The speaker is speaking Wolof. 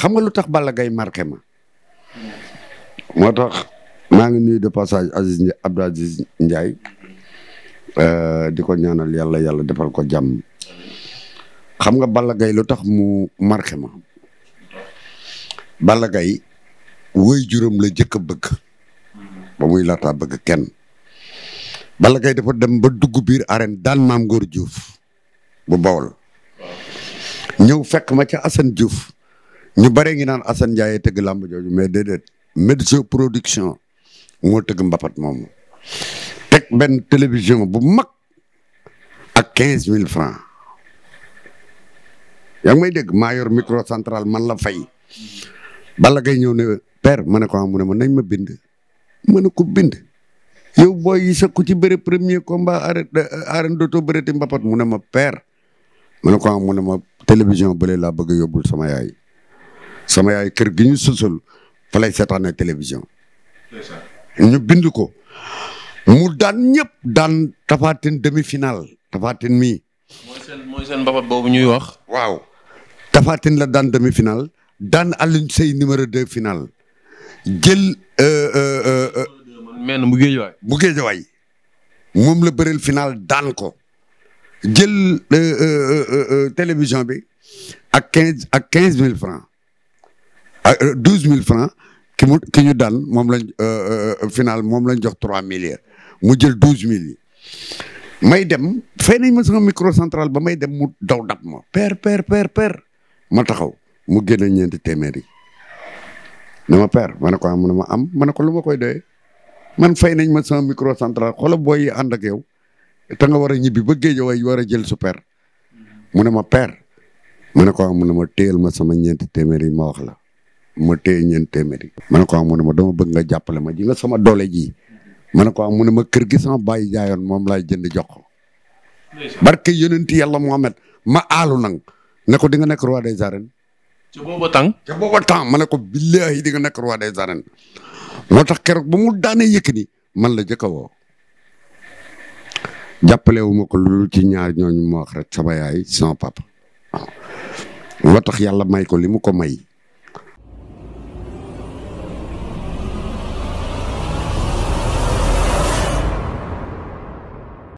xam nga lu tax Balla gay marke ma. moo tax maa ngi nuyu de passage Aziz Abdou Aziz Ndiaye euh, di ko ñaanal yàlla yàlla defal ko jàmm xam nga Balla gay lu tax mu marqué ma Balla gay woy juróom la jëkk a bëgg ba muy laata bëgg kenn Balla Gaye dafa dem ba dugg biir arène daan maam Ngor Diouf bu Bawol ñëw fekk ma ca Assane Diouf ñu bare ngi naan Assane Ndiaye tëgg làmb jooju mais déedéet Medzo production moo tëgg mbapat moomu teg benn télévision bu mag ak quinze mille francs yaa ngi may dégg maa yor micro central man la fay bala ngay ñëw ne père ma ne ko am ah, mu ne ma nañ ma bind ma ne ko bind yow booy yi sakku ci bëre premier combat arrêté arène dootoo bëreeti mbapat mu ne ma père ma ne ko am ah, mu ne ma télévision bële laa bëgg yóbbul sama yaay sama yaay kër gi ñu susul fa lay seetaanee télévision. ñu bind ko mu daan ñëpp daan tafaatin demi final tafaatin mii. ñuy wax. waaw tafaatin la daan demi final daan Alioune numéro deux final jël. Euh, euh, euh, meen bu géejawaay bu géejawaay moom la bëreel final daan ko jël télévision bi ak quinze quinze mille francs Ah, euh, douze mille francs ki mu ki ñu daan moom lañ euh, euh, final moom lañ jox trois milliards mu jël douze mille yi may dem fay nañ ma sama micro central ba may dem mu daw dab ma per per per per ma taxaw mu génne ñeenti téeméer yi ne ma per ma ne ko am ah, mu ne ma am ma ne ko lu ma koy doyee man fay nañ ma sama micro central xoola booy yi ànd ak yow te nga war a ñibbi ba géej way war a jël su per mu ne ma per ma ne ko am ah, mu ne ma téyel ma sama ñeenti téeméeri yi ma wax la ma téye ñeent téeméeri. ma ne ko ah mu ne ma dama bëgg nga jàppale ma ji nga sama doole ji ma ne ko ah mu ne ma kër gi sama bàyyi jaayoon moom laay jënd jox ko. barke ti yàlla Muhammad ma aalu nang ne ko di nga nekk roi des arènes. ma ne ko billahi di nga nekk roi des moo tax keroog ba mu daanee Yékini man la jëkk a woo jàppale wu ma ko lu ci ñaar ñooñu ma wax rek yaay sama papa moo tax yàlla may ko li mu ko may.